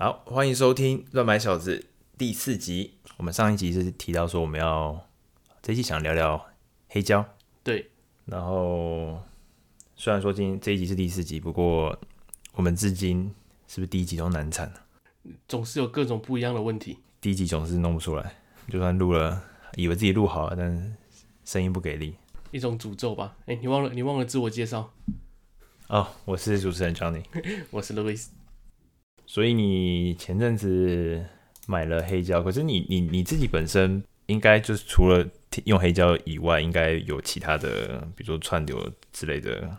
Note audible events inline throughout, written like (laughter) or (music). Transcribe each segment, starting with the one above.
好，歡迎收聽《亂買小子》第四集。我們上一集是提到說我們要，這期想聊聊黑膠。對。然後，雖然說今天這一集是第四集，不過我們至今是不是第一集都難產了，啊？總是有各種不一樣的問題。第一集總是弄不出來，就算錄了，以為自己錄好了，但是聲音不給力。一種詛咒吧？哎、欸，你忘了，你忘了自我介紹。哦、oh，我是主持人 Johnny， (laughs) 我是 Louis。所以你前陣子買了黑膠，可是你你你自己本身應該就是除了用黑膠以外，應該有其他的，比如說串流之類的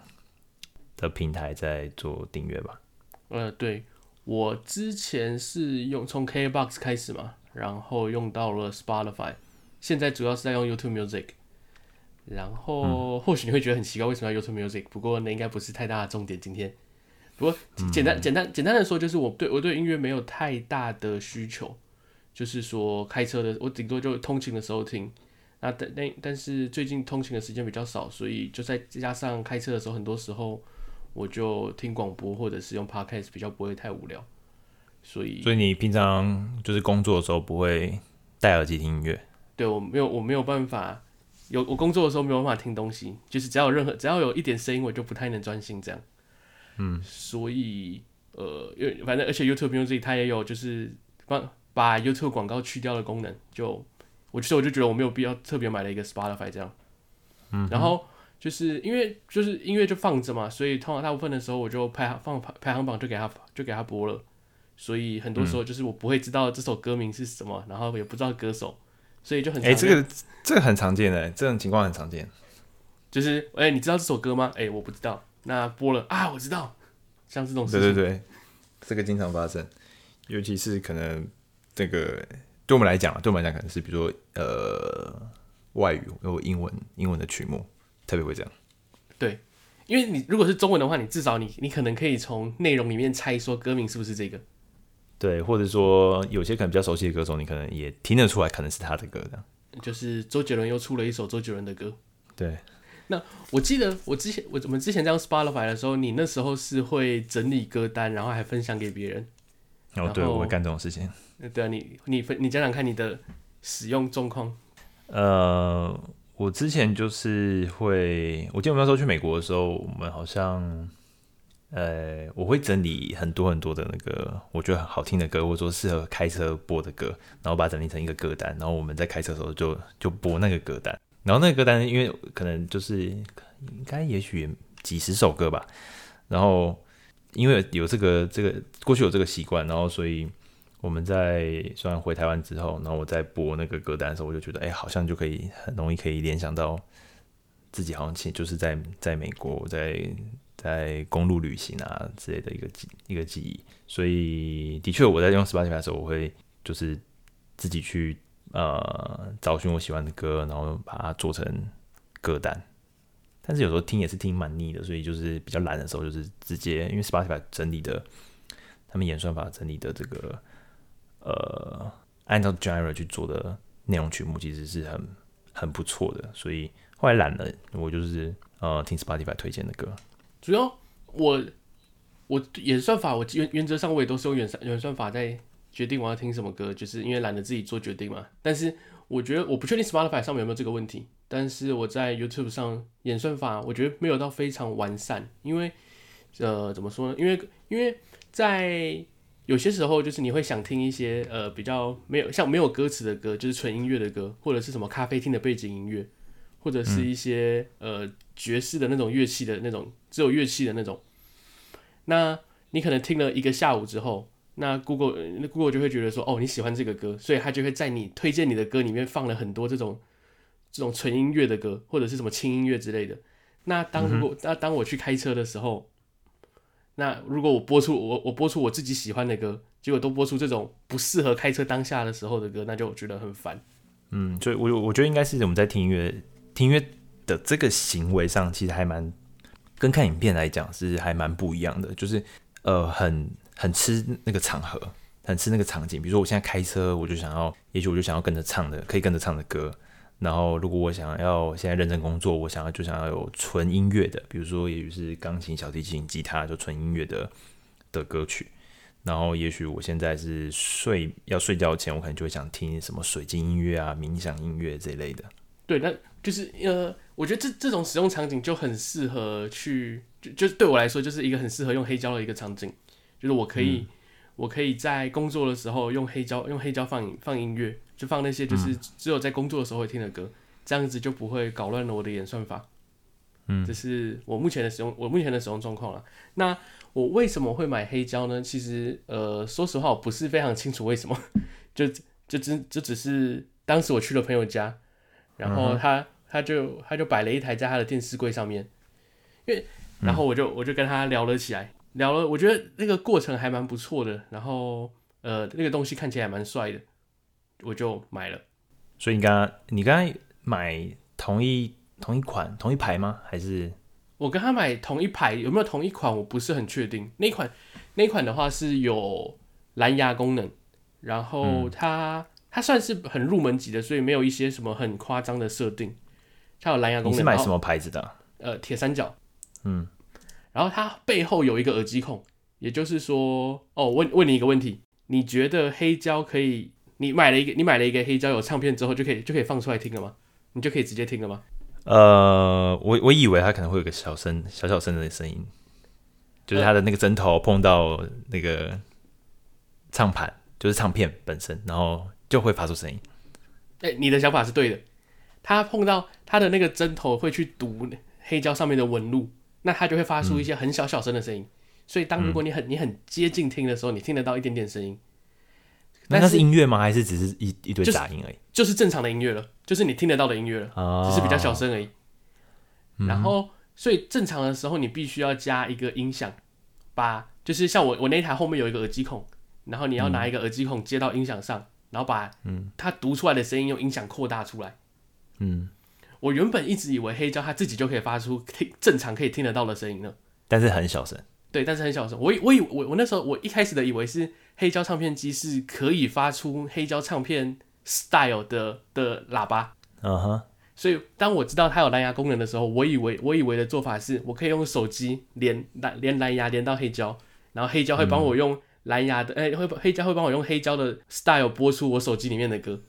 的平台在做訂閱吧？呃，對，我之前是用從 KBox 開始嘛，然後用到了 Spotify，現在主要是在用 YouTube Music，然後、嗯、或許你會覺得很奇怪為什麼要 YouTube Music，不過那應該不是太大的重點，今天。不簡單，簡單簡單的說，就是我對我對音樂沒有太大的需求，就是說開車的，我頂多就通勤的時候聽。那但但是最近通勤的時間比較少，所以就再加上開車的時候，很多時候我就聽廣播或者是用 Podcast，比較不會太無聊。所以所以你平常就是工作的時候不會戴耳機聽音樂？對我沒有，我沒有辦法。有我工作的時候沒有辦法聽東西，就是只要有任何只要有一點聲音，我就不太能專心這樣。嗯，所以呃，因為反正而且 YouTube 用這裡它也有就是幫把，把 YouTube 廣告去掉的功能，就我其實我就覺得我沒有必要特別買了一個 Spotify 這樣。嗯，然後就是因為就是音樂就放着嘛，所以通常大部分的時候我就排行放排，排行榜就給他就給他播了，所以很多時候就是我不會知道這首歌名是什麼，然後也不知道歌手，所以就很哎、欸，這個這個很常見的這種情況很常見，就是哎、欸，你知道這首歌嗎？哎、欸，我不知道。那播了啊，我知道，像這種事情，對對對，這個經常發生，尤其是可能這個對我們來講，對我們來講、啊，對我們來講可能是比如說呃，外語，或英文，英文的曲目特別會這樣。對，因為你如果是中文的話，你至少你你可能可以從內容裡面猜說歌名是不是這個。對，或者說有些可能比較熟悉的歌手，你可能也聽得出來，可能是他的歌的。就是周杰倫又出了一首周杰倫的歌。對。那我記得我之前我我們之前在用 Spotify 的時候，你那時候是會整理歌單，然後還分享給別人。哦，對，我會幹這種事情。對啊，你你分你講講看你的使用狀況。呃，我之前就是會，我記得我們那時候去美國的時候，我們好像，呃，我會整理很多很多的那個我覺得很好聽的歌，或者說適合開車播的歌，然後把它整理成一個歌單，然後我們在開車的時候就就播那個歌單。然後那個歌單，因為可能就是應該也許也幾十首歌吧。然後因為有，有這個這個過去有這個習慣，然後所以我們在雖然回台灣之後，然後我在播那個歌單的時候，我就覺得哎、欸，好像就可以很容易可以聯想到自己好像就是在在美國在在公路旅行啊之類的一個記一個記憶。所以的確，我在用 Spotify 的時候，我會就是自己去。呃，找尋我喜歡的歌，然後把它做成歌單。但是有時候聽也是聽蠻膩的，所以就是比較懶的時候，就是直接因為 Spotify 整理的，他們演算法整理的這個，呃，按照 Genre 去做的內容曲目，其實是很很不錯的。所以後來懶了，我就是呃聽 Spotify 推薦的歌。主要我我演算法，我原原則上我也都是用演算，演算法在。決定我要聽什麼歌，就是因為懶得自己做決定嘛。但是我覺得我不確定 Spotify 上面有沒有這個問題。但是我在 YouTube 上演算法，我覺得沒有到非常完善。因為呃，怎麼說呢？因為因為在有些時候，就是你會想聽一些呃比較沒有像沒有歌詞的歌，就是純音樂的歌，或者是什麼咖啡廳的背景音樂，或者是一些呃爵士的那種樂器的那種，只有樂器的那種。那你可能聽了一個下午之後。那 Google 那 Google 就會覺得說哦，你喜歡這個歌，所以他就會在你推薦你的歌裡面放了很多這種這種純音樂的歌或者是什麼輕音樂之類的。那當如果、嗯、那當我去開車的時候，那如果我播出我我播出我自己喜歡的歌，結果都播出這種不適合開車當下的時候的歌，那就覺得很煩。嗯，所以我我覺得應該是我們在聽音樂聽音樂的這個行為上，其實還蠻跟看影片來講是還蠻不一樣的，就是呃很。很吃那個場合，很吃那個場景。比如說，我現在開車，我就想要，也許我就想要跟着唱的，可以跟着唱的歌。然後，如果我想要現在認真工作，我想要就想要有純音樂的，比如說，也許是鋼琴、小提琴、吉他，就純音樂的的歌曲。然後，也許我現在是睡要睡覺前，我可能就會想聽什麼水晶音樂啊、冥想音樂這一類的。對，那就是呃，我覺得這這種使用場景就很適合去，就就對我來說，就是一個很適合用黑膠的一個場景。就是我可以、嗯，我可以在工作的時候用黑膠用黑膠放放音樂，就放那些就是只有在工作的時候會聽的歌，嗯、這樣子就不會搞亂了我的演算法。嗯，這是我目前的使用我目前的使用狀況了。那我為什麼會買黑膠呢？其實呃，說實話我不是非常清楚為什麼， (laughs) 就就只就，就只是當時我去了朋友家，然後他、嗯、他就他就擺了一台在他的電視櫃上面，因為然後我就、嗯、我就跟他聊了起來。聊了，我覺得那個過程還蠻不錯的，然後呃，那個東西看起來還蠻帥的，我就買了。所以你剛剛你剛剛買同一同一款同一牌嗎？還是我跟他買同一牌？有沒有同一款？我不是很確定。那款那款的話是有藍牙功能，然後它、嗯、它算是很入門級的，所以沒有一些什麼很誇張的設定。它有藍牙功能。你是買什麼牌子的？呃，鐵三角。嗯。然後它背後有一個耳機孔，也就是說，哦，問問你一個問題，你覺得黑膠可以？你買了一個，你買了一個黑膠有唱片之後，就可以就可以放出來聽了嗎？你就可以直接聽了嗎？呃，我我以為它可能會有個小聲、小小聲的聲音，就是它的那個針頭碰到那個唱盤，就是唱片本身，然後就會發出聲音。哎、呃，你的想法是對的，它碰到它的那個針頭會去讀黑膠上面的紋路。那它就會發出一些很小小聲的聲音、嗯，所以當如果你很你很接近聽的時候，你聽得到一點點聲音。嗯、但是那它是音樂嗎？還是只是一一堆雜音而已？就是、就是、正常的音樂了，就是你聽得到的音樂了、哦，只是比較小聲而已、嗯。然後，所以正常的時候，你必須要加一個音響，把就是像我我那台後面有一個耳機孔，然後你要拿一個耳機孔接到音響上、嗯，然後把它讀出來的聲音用音響擴大出來，嗯。嗯。我原本一直以為黑膠它自己就可以發出聽正常可以聽得到的聲音了，但是很小聲。對，但是很小聲。我以我以我我那時候我一開始的以為是黑膠唱片機是可以發出黑膠唱片 style 的的喇叭。嗯哼。所以當我知道它有藍牙功能的時候，我以為我以為的做法是我可以用手機連，連藍連藍牙連到黑膠，然後黑膠會幫我用藍牙的哎，嗯，欸，會黑膠會幫我用黑膠的 style 播出我手機裡面的歌。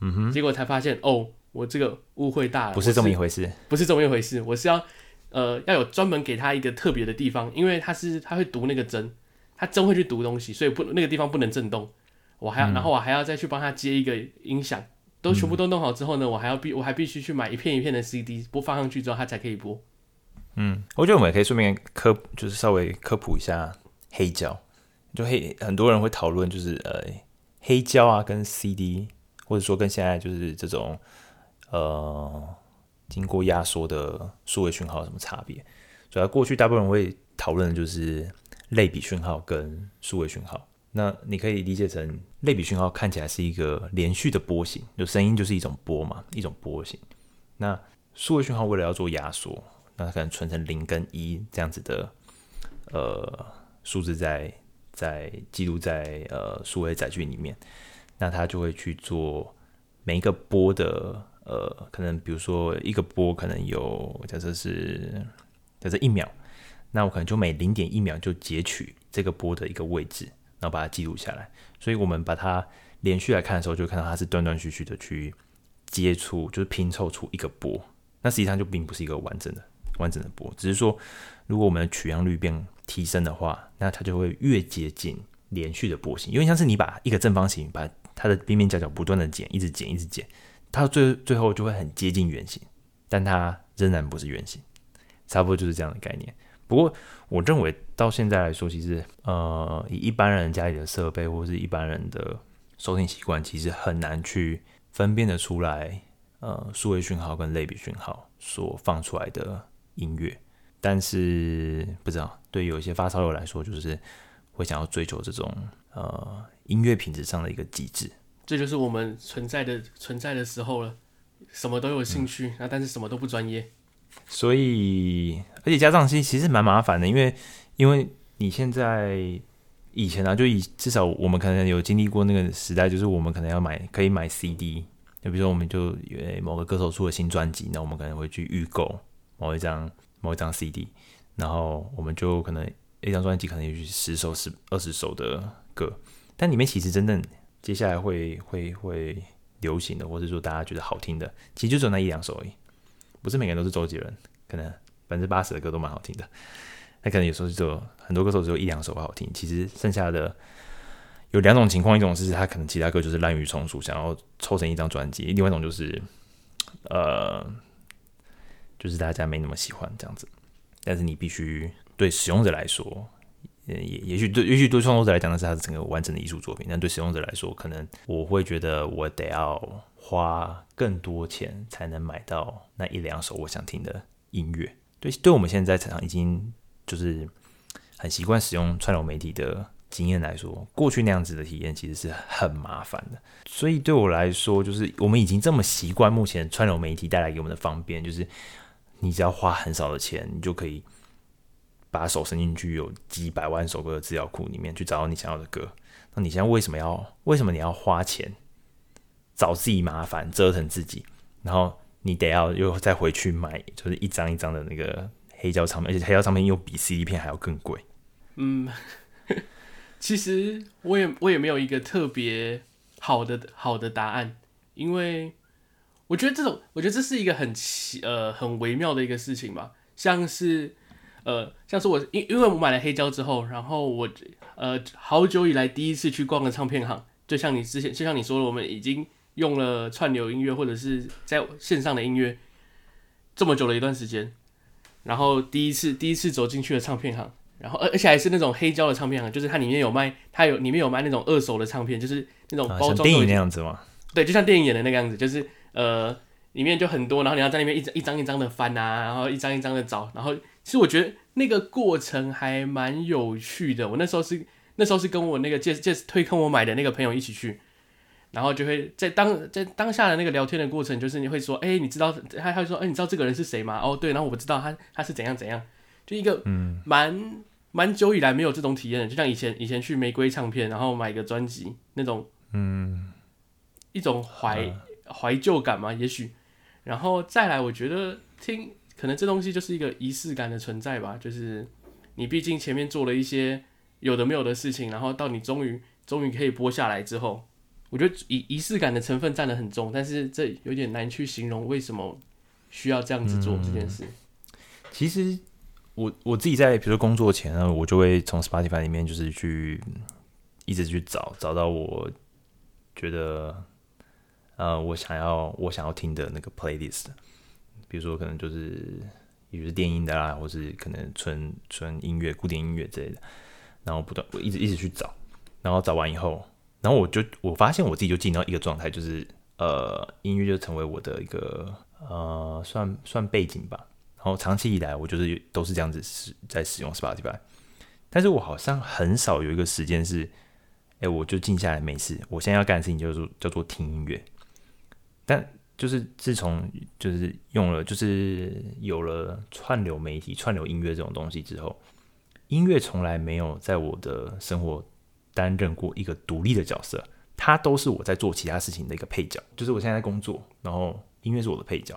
嗯哼。結果才發現哦。我這個誤會大了，不是這麼一回事，不是這麼一回事。我是要，呃，要有專門給他一個特別的地方，因為他是他會讀那個針，他真會去讀東西，所以不那個地方不能震動。我還要，嗯、然後我還要再去幫他接一個音響，都全部都弄好之後呢，嗯、我還要必我還必須去買一片一片的 CD 播放上去之後他才可以播。嗯，我覺得我們也可以順便科，就是稍微科普一下黑膠，就黑很多人會討論就是呃黑膠啊跟 CD，或者說跟現在就是這種。呃，經過壓縮的數位訊號有什麼差別？主要過去大部分人會討論的就是類比訊號跟數位訊號。那你可以理解成類比訊號看起來是一個連續的波形，就聲音就是一種波嘛，一種波形。那數位訊號為了要做壓縮，那它可能存成零跟一這樣子的呃數字在，在記錄在呃數位載具裡面，那它就會去做每一個波的。呃，可能比如說一個波，可能有，假設是，假設一秒，那我可能就每零點一秒就截取這個波的一個位置，然後把它記錄下來。所以我們把它連續來看的時候，就會看到它是斷斷續續的去接觸，就是拼湊出一個波。那實際上就並不是一個完整的完整的波，只是說，如果我們的取樣率變提升的話，那它就會越接近連續的波形。因為像是你把一個正方形，把它的邊邊角角不斷的剪，一直剪一直剪。它最最後就會很接近原型，但它仍然不是原型，差不多就是這樣的概念。不過我認為到現在來說，其實呃以一般人家裡的設備或是一般人的收聽習慣，其實很難去分辨得出來呃數位訊號跟類比訊號所放出來的音樂。但是不知道對於有一些發燒友來說，就是會想要追求這種呃音樂品質上的一個極致。這就是我們存在的存在的時候了，什麼都有興趣，那、嗯啊、但是什麼都不專業。所以，而且加上去其實蠻麻煩的，因為因為你現在以前啊，就以至少我們可能有經歷過那個時代，就是我們可能要買可以買 CD，就比如說我們就有某個歌手出了新專輯，那我們可能會去預購某一張某一張 CD，然後我們就可能一張專輯可能有十首十二十首的歌，但裡面其實真的。接下來會會會流行的，或者說大家覺得好聽的，其實就只有那一兩首而已，不是每個人都是周杰倫，可能百分之八十的歌都蠻好聽的。那可能有時候就很多歌手只有一兩首好聽，其實剩下的有兩種情況：一種是他可能其他歌就是濫竽充數，想要湊成一張專輯；另外一種就是，呃，就是大家沒那麼喜歡這樣子。但是你必須對使用者來說。也也許對，也許對創作者來講的是他是整個完整的藝術作品，但對使用者來說，可能我會覺得我得要花更多錢才能買到那一兩首我想聽的音樂。對，對我們現在經常已經就是很習慣使用串流媒體的經驗來說，過去那樣子的體驗其實是很麻煩的。所以對我來說，就是我們已經這麼習慣目前串流媒體帶來給我們的方便，就是你只要花很少的錢，你就可以。把手伸進去，有幾百萬首歌的資料庫裡面去找到你想要的歌。那你現在為什麼要？為什麼你要花錢找自己麻煩，折騰自己？然後你得要又再回去買，就是一張一張的那個黑膠唱片，而且黑膠唱片又比 CD 片還要更貴。嗯，其實我也我也沒有一個特別好的好的答案，因為我覺得這種我覺得這是一個很奇呃很微妙的一個事情吧，像是。呃，像是我因因為我買了黑膠之後，然後我呃好久以來第一次去逛的唱片行，就像你之前就像你說的，我們已經用了串流音樂或者是在線上的音樂這麼久了一段時間，然後第一次第一次走進去的唱片行，然後而而且還是那種黑膠的唱片行，就是它裡面有賣，它有裡面有賣那種二手的唱片，就是那種包裝、啊、像電影那樣子嗎？對，就像電影演的那個樣子，就是呃裡面就很多，然後你要在裡面一張一張一張的翻啊，然後一張一張的找，然後。其實我覺得那個過程還蠻有趣的，我那時候是那時候是跟我那個借借推坑我買的那個朋友一起去，然後就會在當在當下的那個聊天的過程，就是你會說，哎，你知道？他他會說，哎，你知道這個人是誰嗎？哦，對，然後我不知道他他是怎樣怎樣，就一個嗯，蠻蠻久以來沒有這種體驗的，就像以前以前去玫瑰唱片，然後買一個專輯那種，嗯，一種懷懷舊感嘛，也許，然後再來，我覺得聽。可能這東西就是一個儀式感的存在吧，就是你畢竟前面做了一些有的沒有的事情，然後到你終於終於可以播下來之後，我覺得儀儀式感的成分佔得很重，但是這有點難去形容為什麼需要這樣子做這件事。嗯，其實我我自己在比如說工作前呢，我就會從 Spotify 裡面就是去一直去找，找到我覺得呃我想要我想要聽的那個 playlist。比如說，可能就是比如電音的啦，或是可能純純音樂、古典音樂之類的，然後不斷我一直一直去找，然後找完以後，然後我就我發現我自己就進到一個狀態，就是呃，音樂就成為我的一個呃，算算背景吧。然後長期以來，我就是都是這樣子使在使用 Spotify，但是我好像很少有一個時間是，哎，我就靜下來沒事，我現在要幹的事情就是叫做聽音樂，但。就是自從就是用了，就是有了串流媒體、串流音樂這種東西之後，音樂從來沒有在我的生活擔任過一個獨立的角色，它都是我在做其他事情的一個配角。就是我現在在工作，然後音樂是我的配角；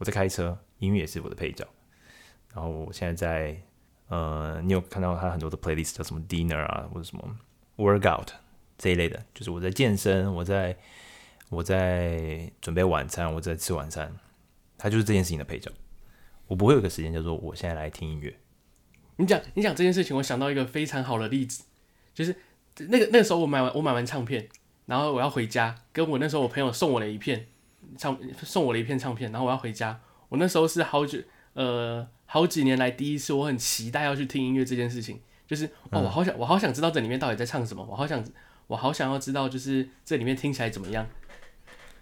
我在開車，音樂也是我的配角；然後我現在在……呃，你有看到他很多的 playlist，叫什麼 dinner 啊，或者什麼 workout 這一類的，就是我在健身，我在。我在準備晚餐，我在吃晚餐，他就是這件事情的配角。我不會有個時間叫做我現在來聽音樂。你講你講這件事情，我想到一個非常好的例子，就是那個那個時候我買完我買完唱片，然後我要回家，跟我那時候我朋友送我的一片唱送我的一片唱片，然後我要回家。我那時候是好久呃好幾年來第一次，我很期待要去聽音樂這件事情，就是哦我好想、嗯、我好想知道這裡面到底在唱什麼，我好想我好想要知道就是這裡面聽起來怎麼樣。嗯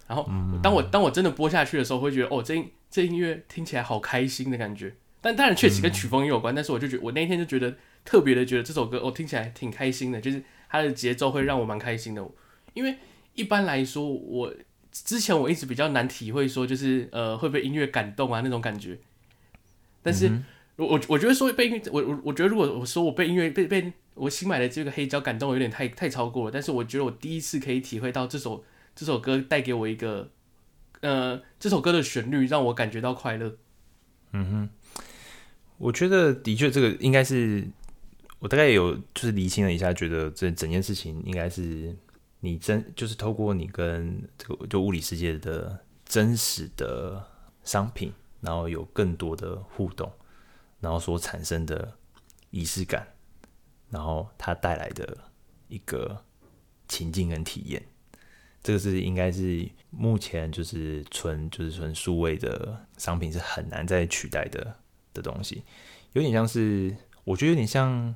然後，當我當我真的播下去的時候，我會覺得哦，這這音樂聽起來好開心的感覺。但當然，確實跟曲風也有關。但是我就覺，我那天就覺得特別的覺得這首歌，我、哦、聽起來挺開心的，就是它的節奏會讓我蠻開心的。因為一般來說，我之前我一直比較難體會，說就是呃會被音樂感動啊那種感覺。但是我我我覺得說被音樂，我我我覺得如果我說我被音樂被被我新買的這個黑膠感動，有點太太超過了。但是我覺得我第一次可以體會到這首。這首歌帶給我一個，呃，這首歌的旋律讓我感覺到快樂。嗯哼，我覺得的確，這個應該是我大概有就是理清了一下，覺得這整件事情應該是你真就是透過你跟這個就物理世界的真實的商品，然後有更多的互動，然後所產生的儀式感，然後它帶來的一個情境跟體驗。這個是應該是目前就是純就是純數位的商品是很難再取代的的東西，有點像是我覺得有點像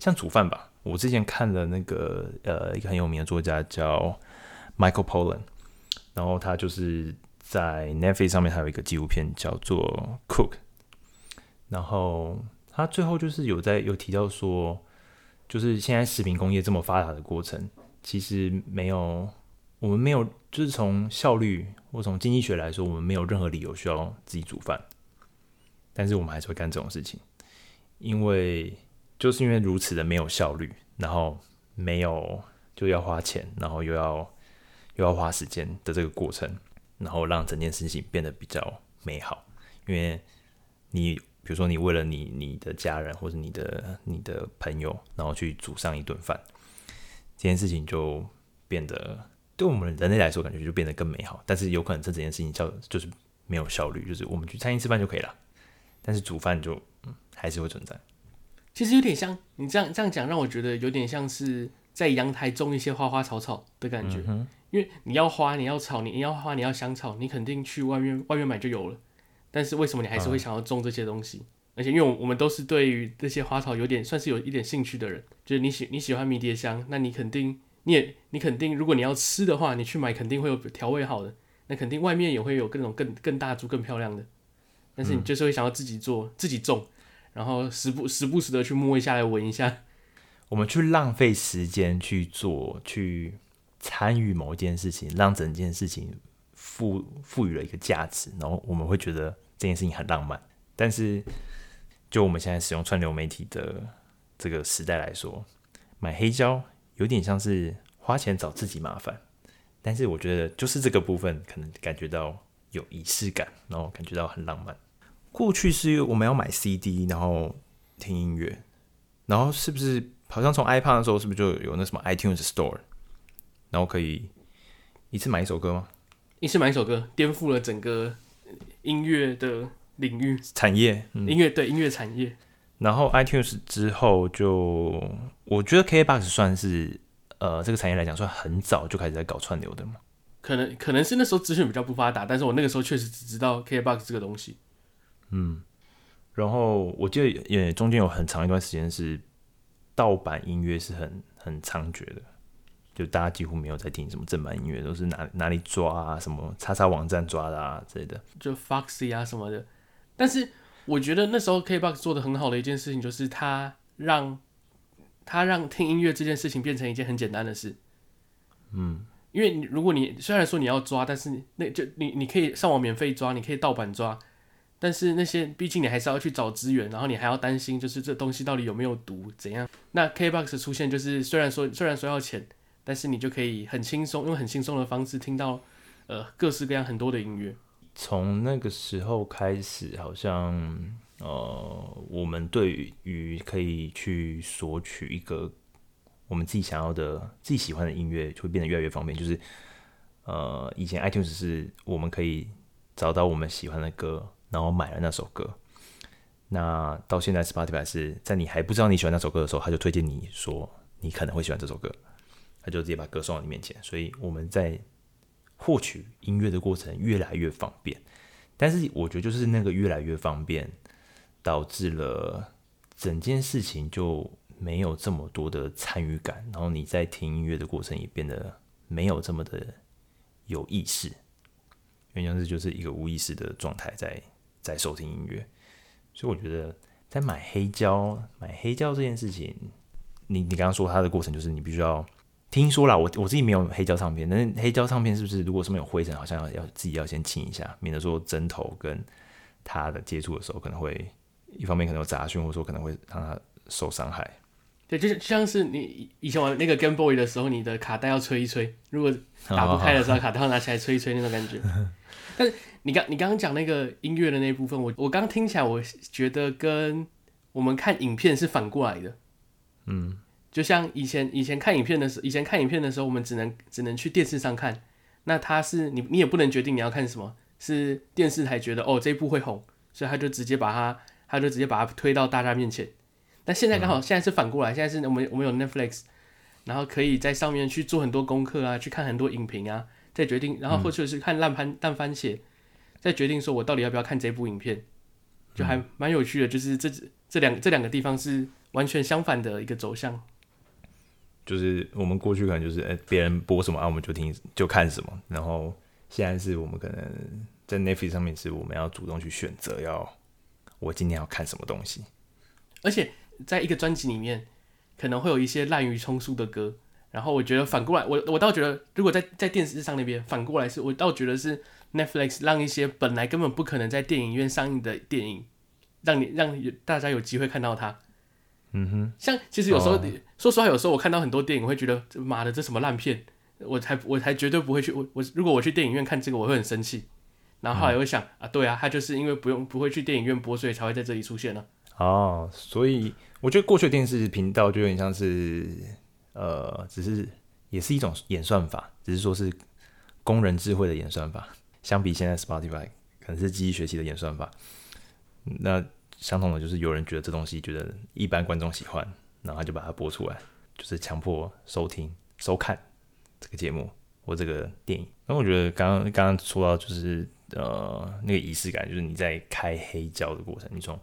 像煮飯吧。我之前看了那個呃一個很有名的作家叫 Michael Pollan，然後他就是在 Netflix 上面還有一個紀錄片叫做 Cook，然後他最後就是有在有提到說，就是現在食品工業這麼發達的過程，其實沒有。我們沒有，就是從效率或從經濟學來說，我們沒有任何理由需要自己煮飯。但是我們還是會幹這種事情，因為就是因為如此的沒有效率，然後沒有就要花錢，然後又要又要花時間的這個過程，然後讓整件事情變得比較美好。因為你比如說你為了你你的家人或者你的你的朋友，然後去煮上一頓飯，這件事情就變得。對我們人類來說，感覺就變得更美好。但是有可能這整件事情效就是沒有效率，就是我們去餐廳吃飯就可以了。但是煮飯就嗯，還是會存在。其實有點像你這樣這樣講，讓我覺得有點像是在陽台種一些花花草草的感覺。嗯、因為你要花，你要草，你你要花，你要香草，你肯定去外面外面買就有了。但是為什麼你還是會想要種這些東西？嗯、而且因為我我們都是對於這些花草有點算是有一點興趣的人，就是你喜你喜歡迷迭香，那你肯定。你也，你肯定，如果你要吃的話，你去買肯定會有調味好的，那肯定外面也會有各種更更大株更漂亮的，但是你就是會想要自己做、嗯、自己種，然後時不時不時的去摸一下來聞一下。我們去浪費時間去做，去參與某一件事情，讓整件事情賦賦予了一個價值，然後我們會覺得這件事情很浪漫。但是就我們現在使用串流媒體的這個時代來說，買黑膠有點像是。花錢找自己麻煩，但是我覺得就是這個部分可能感覺到有儀式感，然後感覺到很浪漫。過去是因為我們要買 CD，然後聽音樂，然後是不是好像從 iPod 的時候，是不是就有，有那什麼 iTunes Store，然後可以一次買一首歌嗎？一次買一首歌，顛覆了整個音樂的領域產業，嗯、音樂對音樂產業。然後 iTunes 之後就，我覺得 KBox 算是。呃，這個產業來講，算很早就開始在搞串流的嘛。可能可能是那時候資訊比較不發達，但是我那個時候確實只知道 KBox 這個東西。嗯，然後我記得也中間有很長一段時間是盜版音樂是很很猖獗的，就大家幾乎沒有在聽什麼正版音樂，都是哪哪裡抓啊，什麼叉叉網站抓的啊之類的，就 Foxy 啊什麼的。但是我覺得那時候 KBox 做得很好的一件事情就是它讓。他讓聽音樂這件事情變成一件很簡單的事，嗯，因為如果你雖然說你要抓，但是那就你你可以上網免費抓，你可以盜版抓，但是那些畢竟你還是要去找資源，然後你還要擔心就是這東西到底有沒有毒怎樣。那 KBOX 出現就是雖然說雖然說要錢，但是你就可以很輕鬆用很輕鬆的方式聽到呃各式各樣很多的音樂。從那個時候開始，好像。呃，我們對於可以去索取一個我們自己想要的、自己喜歡的音樂，就會變得越來越方便。就是呃，以前 iTunes 是我們可以找到我們喜歡的歌，然後買了那首歌。那到現在 Spotify 是在你還不知道你喜歡那首歌的時候，他就推薦你說你可能會喜歡這首歌，他就直接把歌送到你面前。所以我們在獲取音樂的過程越來越方便，但是我覺得就是那個越來越方便。導致了整件事情就沒有這麼多的參與感，然後你在聽音樂的過程也變得沒有這麼的有意識，原因是就是一個無意識的狀態在在收聽音樂。所以我覺得在買黑膠買黑膠這件事情，你你剛剛說它的過程就是你必須要聽說啦。我我自己沒有黑膠唱片，但是黑膠唱片是不是如果上面有灰塵，好像要，要自己要先清一下，免得說針頭跟它的接觸的時候可能會。一方面可能有雜訊，或者說可能會讓他受傷害。對，就是就像是你以前玩那個 Game Boy 的時候，你的卡帶要吹一吹，如果打不開的時候，卡帶要拿起來吹一吹那種感覺。 (laughs) 但是你剛你剛剛講那個音樂的那一部分，我我剛聽起來，我覺得跟我們看影片是反過來的。嗯，就像以前以前看影片的時候，以前看影片的時候，我們只能只能去電視上看，那他是你你也不能決定你要看什麼，是電視台覺得哦，這一部會紅，所以他就直接把它。他就直接把它推到大家面前，但現在剛好、嗯、現在是反過來，現在是我們我們有 Netflix，然後可以在上面去做很多功課啊，去看很多影評啊，再決定，然後或者是看爛番爛番茄，再決定說我到底要不要看這部影片，嗯、就還蠻有趣的，就是這這兩這兩個地方是完全相反的一個走向，就是我們過去可能就是哎別、欸、人播什麼啊我們就聽就看什麼，然後現在是我們可能在 Netflix 上面是我們要主動去選擇要。我今天要看什麼東西，而且在一個專輯裡面，可能會有一些濫竽充數的歌。然後我覺得反過來，我我倒覺得，如果在在電視上那邊反過來是，我倒覺得是 Netflix 讓一些本來根本不可能在電影院上映的電影，讓你讓大家有機會看到它。嗯哼，像其實有時候，說實話，有時候我看到很多電影，我會覺得媽的，這什麼爛片，我才我才絕對不會去。我我如果我去電影院看這個，我會很生氣。然後後來也會想、嗯、啊，對啊，他就是因為不用不會去電影院播，所以才會在這裡出現呢、啊。哦，所以我覺得過去電視頻道就有點像是，呃，只是也是一種演算法，只是說是工人智慧的演算法，相比現在 Spotify 可能是機器學習的演算法。那相同的就是有人覺得這東西覺得一般觀眾喜歡，然後就把它播出來，就是強迫收聽、收看這個節目或這個電影。那我覺得剛剛剛說到就是。呃，那個儀式感就是你在開黑膠的過程，你從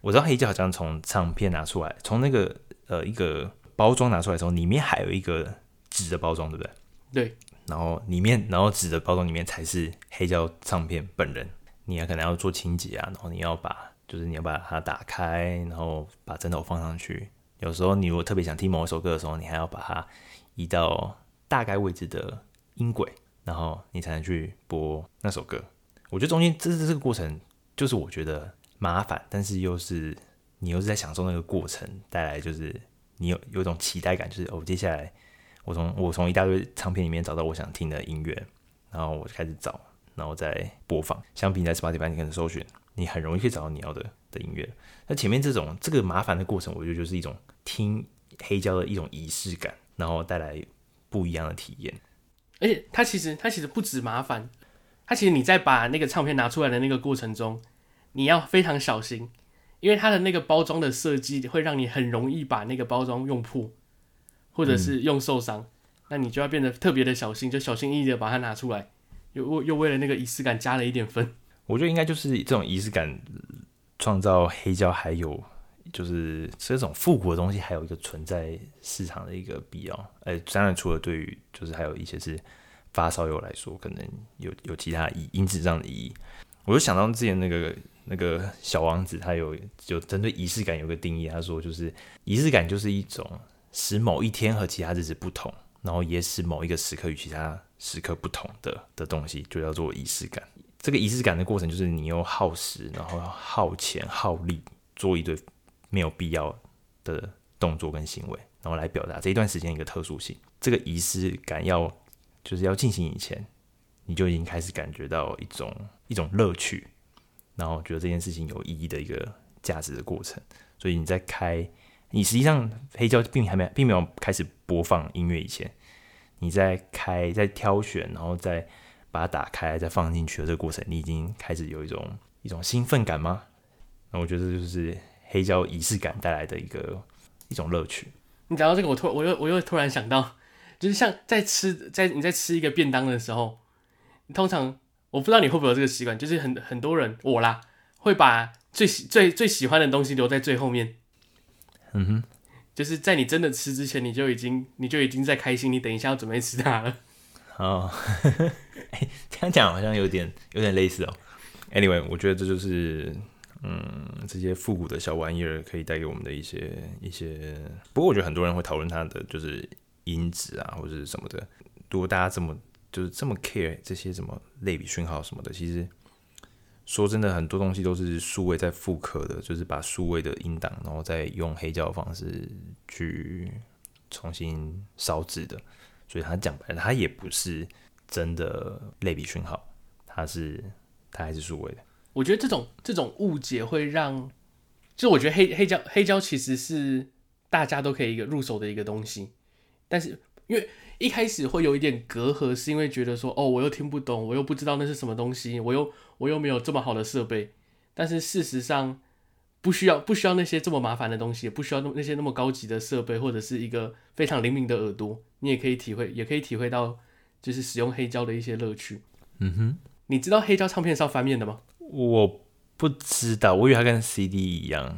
我知道黑膠好像從唱片拿出來，從那個呃一個包裝拿出來的時候，裡面還有一個紙的包裝，對不對？對。然後裡面，然後紙的包裝裡面才是黑膠唱片本人。你還可能要做清潔啊，然後你要把就是你要把它打開，然後把針頭放上去。有時候你如果特別想聽某一首歌的時候，你還要把它移到大概位置的音軌，然後你才能去播那首歌。我覺得中間這是這個過程，就是我覺得麻煩，但是又是你又是在享受那個過程帶來，就是你有有一種期待感，就是哦，接下來我從我從一大堆唱片裡面找到我想聽的音樂，然後我就開始找，然後再播放。相比你在 Spotify 你可能搜尋，你很容易去找到你要的的音樂。那前面這種這個麻煩的過程，我覺得就是一種聽黑膠的一種儀式感，然後帶來不一樣的體驗。而且它其實它其實不止麻煩。它其實你在把那個唱片拿出來的那個過程中，你要非常小心，因為它的那個包裝的設計會讓你很容易把那個包裝用破，或者是用受傷、嗯，那你就要變得特別的小心，就小心翼翼的把它拿出來，又為又為了那個儀式感加了一點分。我覺得應該就是這種儀式感創造黑膠，還有就是這種復古的東西，還有一個存在市場的一個必要。呃、欸，當然除了對於就是還有一些是。發燒友來說，可能有有其他意、音質上的意義。我就想到之前那個那個小王子，他有就針對儀式感有個定義，他說就是儀式感就是一種使某一天和其他日子不同，然後也使某一個時刻與其他時刻不同的的東西，就叫做儀式感。這個儀式感的過程就是你又耗時，然後耗錢、耗力，做一堆沒有必要的動作跟行為，然後來表達這一段時間一個特殊性。這個儀式感要。就是要進行以前，你就已經開始感覺到一種一種樂趣，然後覺得這件事情有意義的一個價值的過程。所以你在開，你實際上黑膠並還沒並沒有開始播放音樂以前，你在開在挑選，然後再把它打開，再放進去的這個過程，你已經開始有一種一種興奮感嗎？那我覺得這就是黑膠儀式感帶來的一個一種樂趣。你講到這個我，我突我又我又突然想到。就是像在吃，在你在吃一個便當的時候，通常我不知道你會不會有這個習慣，就是很很多人我啦，會把最最最喜歡的東西留在最後面。嗯哼，就是在你真的吃之前，你就已經你就已經在開心，你等一下要準備吃它了。哦，呵呵欸，這樣講好像有點 (laughs) 有點類似哦。Anyway，我覺得這就是嗯，這些復古的小玩意兒可以帶給我們的一些一些，不過我覺得很多人會討論它的就是。音質啊，或者什麼的，如果大家這麼就是這麼 care 這些什麼類比訊號什麼的，其實說真的，很多東西都是數位再複刻的，就是把數位的音檔，然後再用黑膠方式去重新燒制的，所以他講白了，他也不是真的類比訊號，他是他還是數位的。我覺得這種這種誤解會讓，就我覺得黑黑膠黑膠其實是大家都可以一個入手的一個東西。但是，因為一開始會有一點隔閡，是因為覺得說，哦，我又聽不懂，我又不知道那是什麼東西，我又我又沒有這麼好的設備。但是事實上，不需要不需要那些這麼麻煩的東西，也不需要那那些那麼高級的設備，或者是一個非常靈敏的耳朵，你也可以體會，也可以體會到就是使用黑膠的一些樂趣。嗯哼，你知道黑膠唱片是要翻面的嗎？我不知道，我以為它跟 CD 一樣，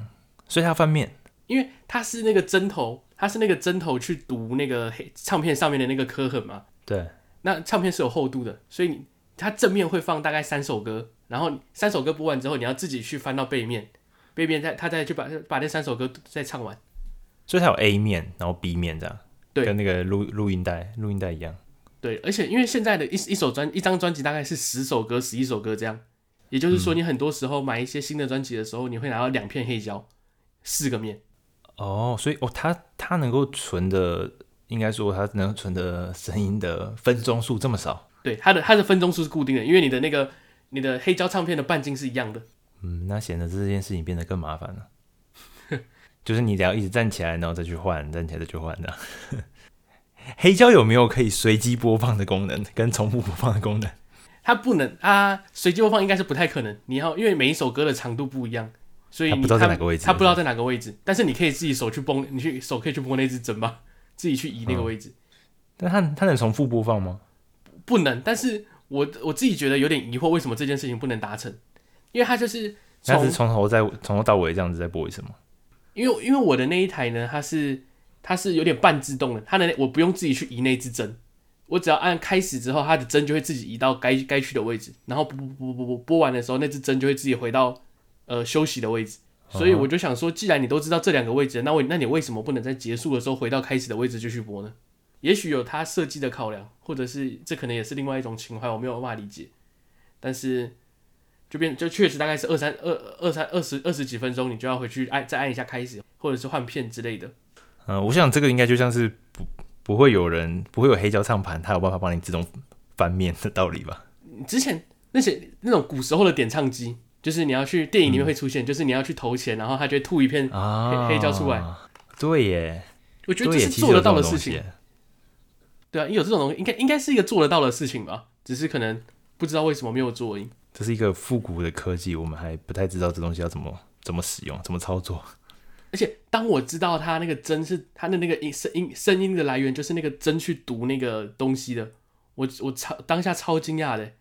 所以它翻面，因為它是那個針頭。它是那個針頭去讀那個黑唱片，上面的那個刻痕嘛，對，那唱片是有厚度的，所以你它正面會放大概三首歌，然後三首歌播完之後，你要自己去翻到背面，背面再他再去把把那三首歌再唱完，所以它有 A 面，然後 B 面這樣，對，跟那個錄錄音帶錄音帶一樣，對，而且因為現在的一一首專一張專輯大概是十首歌十一首歌這樣，也就是說你很多時候買一些新的專輯的時候，你會拿到兩片黑膠，四個面。哦，所以哦，它它能夠存的，應該說它能存的聲音的分鐘數這麼少，對，它的它的分鐘數是固定的，因為你的那個你的黑膠唱片的半徑是一樣的。嗯，那顯得這件事情變得更麻煩了， (laughs) 就是你只要一直站起來，然後再去換，站起來再去換的。 (laughs) 黑膠有沒有可以隨機播放的功能跟重複播放的功能？它不能啊，隨機播放應該是不太可能。你要，因為每一首歌的長度不一樣。所以你他他不知道在哪個位置，位置是不是？但是你可以自己手去撥，你去手可以去撥那只針吧，自己去移那個位置。嗯、但他他能重複播放嗎？不，不能。但是我我自己覺得有點疑惑，為什麼這件事情不能達成？因為它就是它是從頭再從頭到尾這樣子在播一次嗎？因為因為我的那一台呢，它是它是有點半自動的，它能我不用自己去移那只針，我只要按開始之後，它的針就會自己移到該該去的位置，然後播播播播播播完的時候，那只針就會自己回到。呃，休息的位置，所以我就想說，既然你都知道這兩個位置，那、哦、為那你為什麼不能在結束的時候回到開始的位置就去播呢？也許有他設計的考量，或者是這可能也是另外一種情懷，我沒有辦法理解。但是就變就確實大概是二三二二三二十二十幾分鐘，你就要回去按再按一下開始，或者是換片之類的。嗯、呃，我想這個應該就像是不不會有人不會有黑膠唱盤，他有辦法幫你自動翻面的道理吧？之前那些那種古時候的點唱機。就是你要去電影裡面會出現、嗯，就是你要去投錢，然後他就會吐一片黑膠、啊、出來。對耶，我覺得這是做得到的事情。對，對啊，因為有這種東西，應該應該是一個做得到的事情吧？只是可能不知道為什麼沒有做而已。這是一個復古的科技，我們還不太知道這東西要怎麼怎麼使用、怎麼操作。而且當我知道它那個針是它的那個音聲音聲音的來源，就是那個針去讀那個東西的，我我超當下超驚訝的，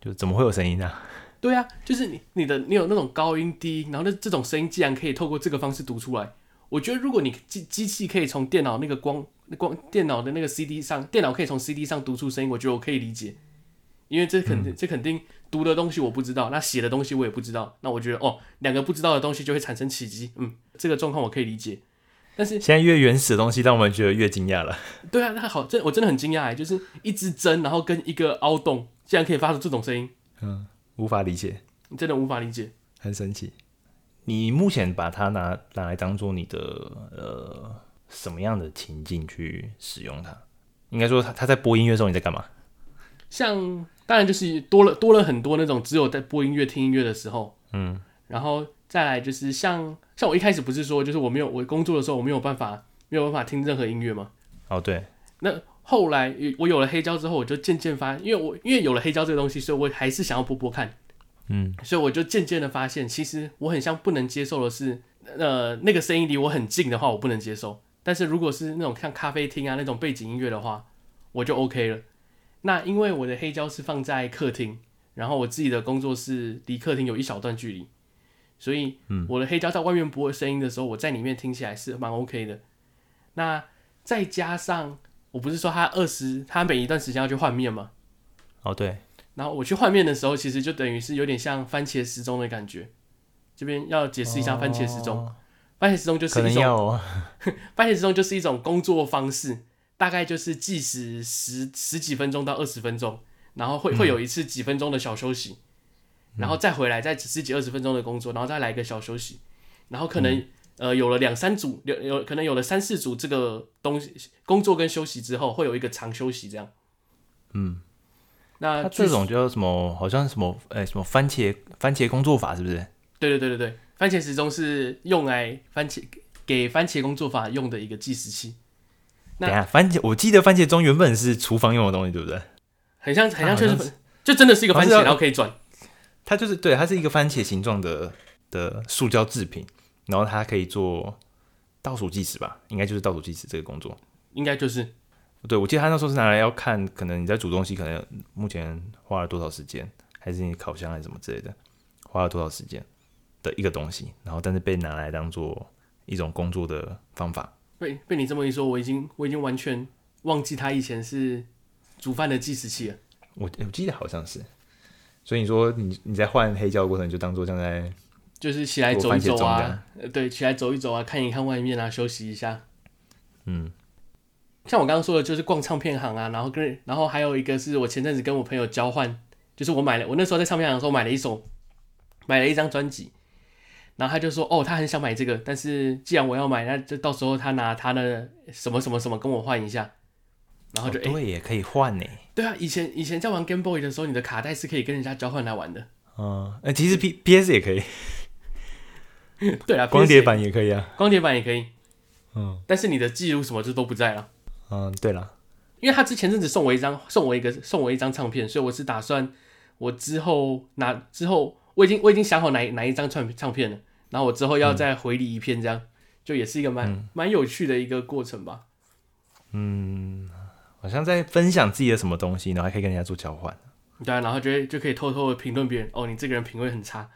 就怎麼會有聲音呢、啊？對啊，就是你你的你有那種高音低，然後那這種聲音竟然可以透過這個方式讀出來。我覺得如果你機機器可以從電腦那個光光電腦的那個 CD 上，電腦可以從 CD 上讀出聲音，我覺得我可以理解，因為這肯定、嗯、這肯定讀的東西我不知道，那寫的東西我也不知道，那我覺得哦，兩個不知道的東西就會產生奇蹟，嗯，這個狀況我可以理解。但是現在越原始的東西讓我們覺得越驚訝了。對啊，那好這我真的很驚訝，哎，就是一支針，然後跟一個凹洞，竟然可以發出這種聲音，嗯。無法理解，你真的無法理解，很神奇。你目前把它拿拿來當做你的呃什麼樣的情境去使用它？應該說他，它在播音樂的時候你在幹嘛？像當然就是多了多了很多那種只有在播音樂聽音樂的時候，嗯，然後再來就是像像我一開始不是說就是我沒有我工作的時候我沒有辦法沒有辦法聽任何音樂嗎？哦對，那。後來我有了黑膠之後，我就漸漸發，因為我因為有了黑膠這個東西，所以我還是想要播播看，嗯，所以我就漸漸的發現，其實我很像不能接受的是，呃，那個聲音離我很近的話，我不能接受，但是如果是那種像咖啡廳啊那種背景音樂的話，我就 OK 了。那因為我的黑膠是放在客廳，然後我自己的工作室離客廳有一小段距離，所以我的黑膠在外面播的聲音的時候，我在裡面聽起來是蠻 OK 的。那再加上。我不是說他二十，他每一段時間要去換面嗎？哦，對。然後我去換面的時候，其實就等於是有點像番茄時鐘的感覺。這邊要解釋一下番茄時鐘。哦、番茄時鐘就是一種、哦、 (laughs) 番茄時鐘就是一種工作方式，大概就是計時十十幾分鐘到二十分鐘，然後會會有一次幾分鐘的小休息，嗯、然後再回來再十幾二十分鐘的工作，然後再來一個小休息，然後可能、嗯。呃，有了兩三組，有有可能有了三四組這個東西，工作跟休息之後，會有一個長休息這樣。嗯，那、就是、這種叫什麼？好像什麼？哎、欸，什麼番茄番茄工作法是不是？對對對對對，番茄時鐘是用來番茄給番茄工作法用的一個計時器。那等下，番茄我記得番茄鐘原本是廚房用的東西，對不對？很像很像，就是、啊、是就真的是一個番茄，然後可以轉。它就是對，它是一個番茄形狀的的塑膠製品。然後它可以做倒數計時吧，應該就是倒數計時這個工作，應該就是，對，我記得他那時候是拿來要看，可能你在煮東西，可能目前花了多少時間，還是你烤箱還是什麼之類的，花了多少時間的一個東西，然後但是被拿來當做一種工作的方法。被被你這麼一說，我已經我已經完全忘記它以前是煮飯的計時器了。我、欸、我記得好像是，所以你說你你在換黑膠的過程你就當做像在。就是起來走一走啊，啊，對，起來走一走啊，看一看外面啊，休息一下。嗯，像我剛剛說的，就是逛唱片行啊，然後跟然後還有一個是我前陣子跟我朋友交換，就是我買了，我那時候在唱片行的時候買了一首，買了一張專輯，然後他就說，哦，他很想買這個，但是既然我要買，那就到時候他拿他的什麼什麼什麼跟我換一下，然後就、哦、對、欸、也可以換呢、欸。對啊，以前以前在玩 Game Boy 的時候，你的卡帶是可以跟人家交換來玩的。哦、嗯，哎、欸，其實 P P S 也可以。 (laughs) (laughs) 對啊，光碟版也可以啊，光碟版也可以，嗯，但是你的記錄什麼就都不在了。嗯，對了，因為他之前陣子送我一張，送我一個，送我一張唱片，所以我是打算，我之後拿之後，我已經我已經想好哪一哪一張唱唱片了，然後我之後要再回禮一片，這樣、嗯、就也是一個蠻蠻、嗯、有趣的一個過程吧。嗯，好像在分享自己的什麼東西，然後還可以跟人家做交換。對啊，然後就會就可以偷偷的評論別人，哦，你這個人品味很差。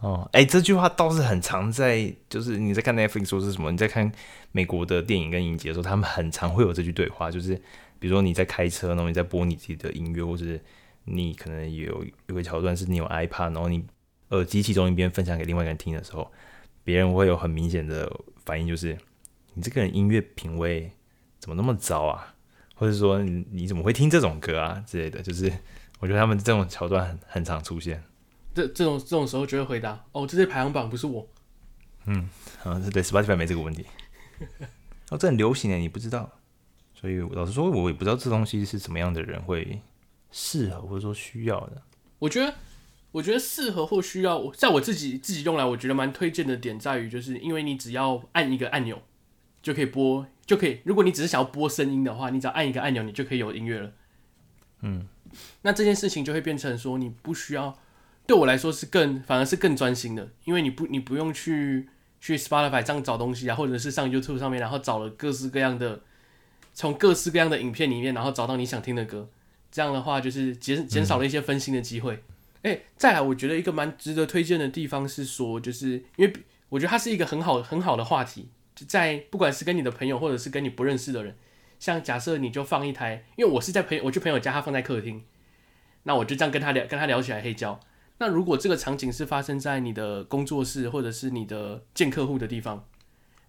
哦，哎、欸，這句話倒是很常在，就是你在看 Netflix 說是什麼，你在看美國的電影跟影集的時候，他們很常會有這句對話，就是比如說你在開車，然後你在播你自己的音樂，或者是你可能有有個橋段是你有 iPad，然後你耳機其中一邊分享給另外一個人聽的時候，別人會有很明顯的反應，就是你這個人音樂品味怎麼那麼糟啊，或者說你，你怎麼會聽這種歌啊之類的就是，我覺得他們這種橋段很很常出現。這這種這種時候就會回答哦，這些排行榜不是我。嗯，好像是對 Spotify 沒這個問題。哦，這很流行耶，你不知道。所以老實說，我也不知道這東西是什麼樣的人會適合或者說需要的。我覺得，我覺得適合或需要，我在我自己自己用來，我覺得蠻推薦的點在於，就是因為你只要按一個按鈕就可以播，就可以。如果你只是想要播聲音的話，你只要按一個按鈕，你就可以有音樂了。嗯，那這件事情就會變成說，你不需要。對我來說是更反而是更專心的，因為你不你不用去去 Spotify 這樣找東西啊，或者是上 YouTube 上面，然後找了各式各樣的，從各式各樣的影片裡面，然後找到你想聽的歌。這樣的話就是減減少了一些分心的機會。哎、嗯，再來，我覺得一個蠻值得推薦的地方是說，就是因為我覺得它是一個很好很好的話題，就在不管是跟你的朋友，或者是跟你不認識的人，像假設你就放一台，因為我是在朋友我去朋友家，他放在客廳，那我就這樣跟他聊跟他聊起來黑膠。那如果這個場景是發生在你的工作室，或者是你的見客戶的地方，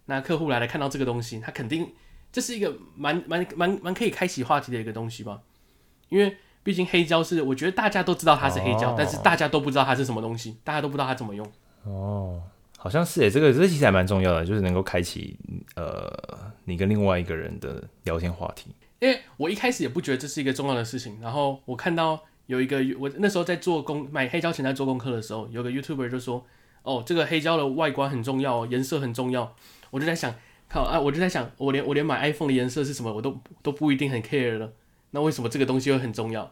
那客戶來來看到這個東西，他肯定這是一個蠻蠻蠻蠻可以開啟話題的一個東西吧？因為畢竟黑膠是，我覺得大家都知道它是黑膠，Oh. 但是大家都不知道它是什麼東西，大家都不知道它怎麼用。哦。Oh. 好像是誒，這個這其實還蠻重要的，就是能夠開啟呃你跟另外一個人的聊天話題。因為我一開始也不覺得這是一個重要的事情，然後我看到。有一個，我那時候在做功買黑膠前在做功課的時候，有個 YouTuber 就說：“哦，這個黑膠的外觀很重要，顏色很重要。”我就在想，靠啊！我就在想，我連我連買 iPhone 的顏色是什麼，我都都不一定很 care 了。那為什麼這個東西會很重要？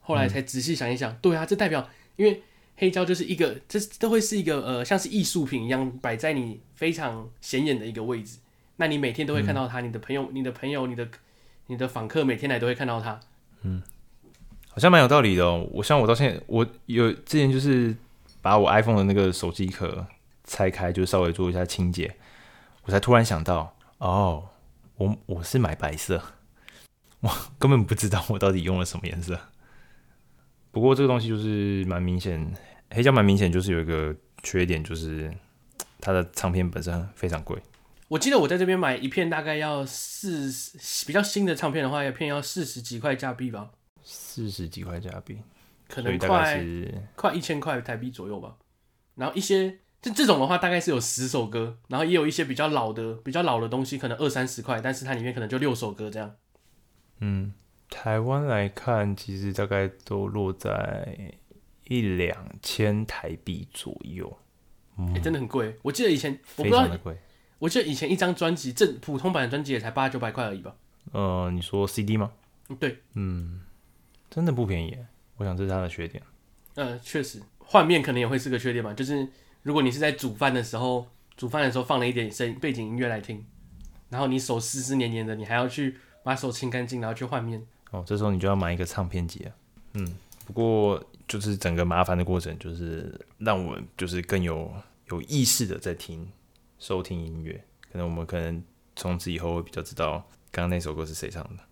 後來才仔細想一想，嗯，對啊，這代表因為黑膠就是一個，這都會是一個呃，像是藝術品一樣擺在你非常顯眼的一個位置。那你每天都會看到它，嗯、你的朋友、你的朋友、你的你的訪客每天來都會看到它，嗯。好像蠻有道理的哦，我像我到現在，我有之前就是把我 iPhone 的那個手機殼拆開，就稍微做一下清潔，我才突然想到，哦，我我是買白色，哇，根本不知道我到底用了什麼顏色。不過這個東西就是蠻明顯，黑膠蠻明顯，就是有一個缺點，就是它的唱片本身非常貴。我記得我在這邊買一片大概要四，比較新的唱片的話，一片要四十幾塊加幣吧。四十幾塊加幣，可能快大概快一千塊台幣左右吧。然後一些就這種的話，大概是有十首歌，然後也有一些比較老的、比較老的東西，可能二三十塊，但是它裡面可能就六首歌這樣。嗯，台灣來看，其實大概都落在一兩千台幣左右。哎、嗯欸，真的很貴。我記得以前我不知道，非常的貴。我記得以前一張專輯，正普通版的專輯也才八九百塊而已吧？嗯、呃，你說 CD 嗎？對，嗯。真的不便宜，我想這是它的缺點。嗯、呃，確實，換面可能也會是個缺點吧。就是如果你是在煮飯的時候，煮飯的時候放了一點聲音背景音樂來聽，然後你手濕濕黏黏的，你還要去把手清乾淨，然後去換面。哦，這時候你就要買一個唱片機、啊、嗯，不過就是整個麻煩的過程，就是讓我們就是更有有意識的在聽收聽音樂。可能我們可能從此以後會比較知道剛剛那首歌是誰唱的。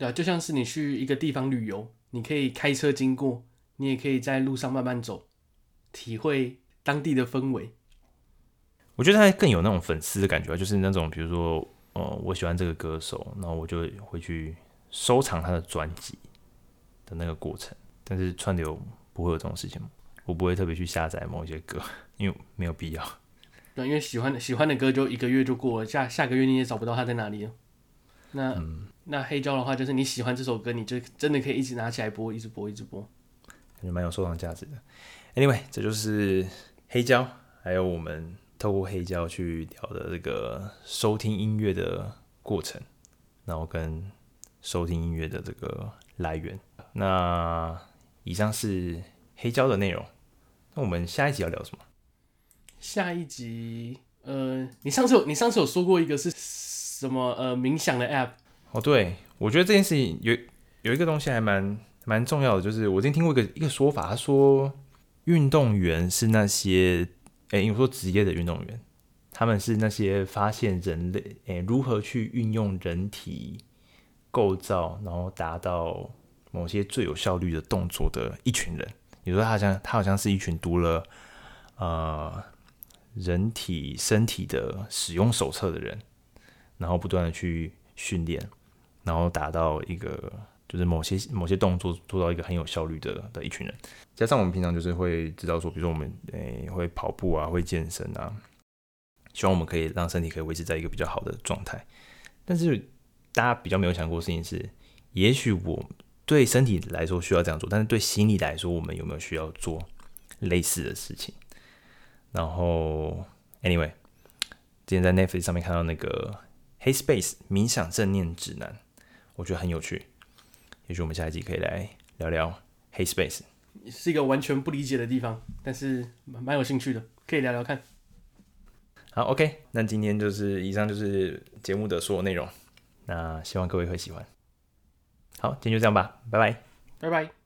對啊，就像是你去一個地方旅遊，你可以開車經過，你也可以在路上慢慢走，體會當地的氛圍。我覺得它更有那種粉絲的感覺啊，就是那種比如說，呃，我喜歡這個歌手，那我就會去收藏他的專輯的那個過程。但是串流不會有這種事情，我不會特別去下載某一些歌，因為沒有必要。對啊，因為喜歡的喜歡的歌就一個月就過了，下下個月你也找不到它在哪裡了。那、嗯、那黑膠的話，就是你喜歡這首歌，你就真的可以一直拿起來播，一直播，一直播，感覺蠻有收藏價值的。Anyway，這就是黑膠，還有我們透過黑膠去聊的這個收聽音樂的過程，然後跟收聽音樂的這個來源。那以上是黑膠的內容。那我們下一集要聊什麼？下一集，呃，你上次有你上次有說過一個是。什麼呃，冥想的 app？哦，oh, 對，我覺得這件事情有有一個東西還蠻蠻重要的，就是我今天聽過一個一個說法，他說運動員是那些誒、為、欸、說職業的運動員，他們是那些發現人類誒、欸、如何去運用人體構造，然後達到某些最有效率的動作的一群人。你說他好像他好像是一群讀了呃人體身體的使用手冊的人。然後不斷的去訓練，然後達到一個就是某些某些動作做到一個很有效率的的一群人，加上我們平常就是會知道說，比如說我們誒、欸、會跑步啊，會健身啊，希望我們可以讓身體可以維持在一個比較好的狀態。但是大家比較沒有想過的事情是，也許我對身體來說需要這樣做，但是對心理來說，我們有沒有需要做類似的事情？然後，anyway，今天在 Netflix 上面看到那個。Headspace 冥想正念指南，我覺得很有趣。也許我們下一集可以來聊聊 Headspace。是一個完全不理解的地方，但是蠻蠻有興趣的，可以聊聊看。好，OK，那今天就是以上就是節目的所有內容。那希望各位會喜歡。好，今天就這樣吧，拜拜，拜拜。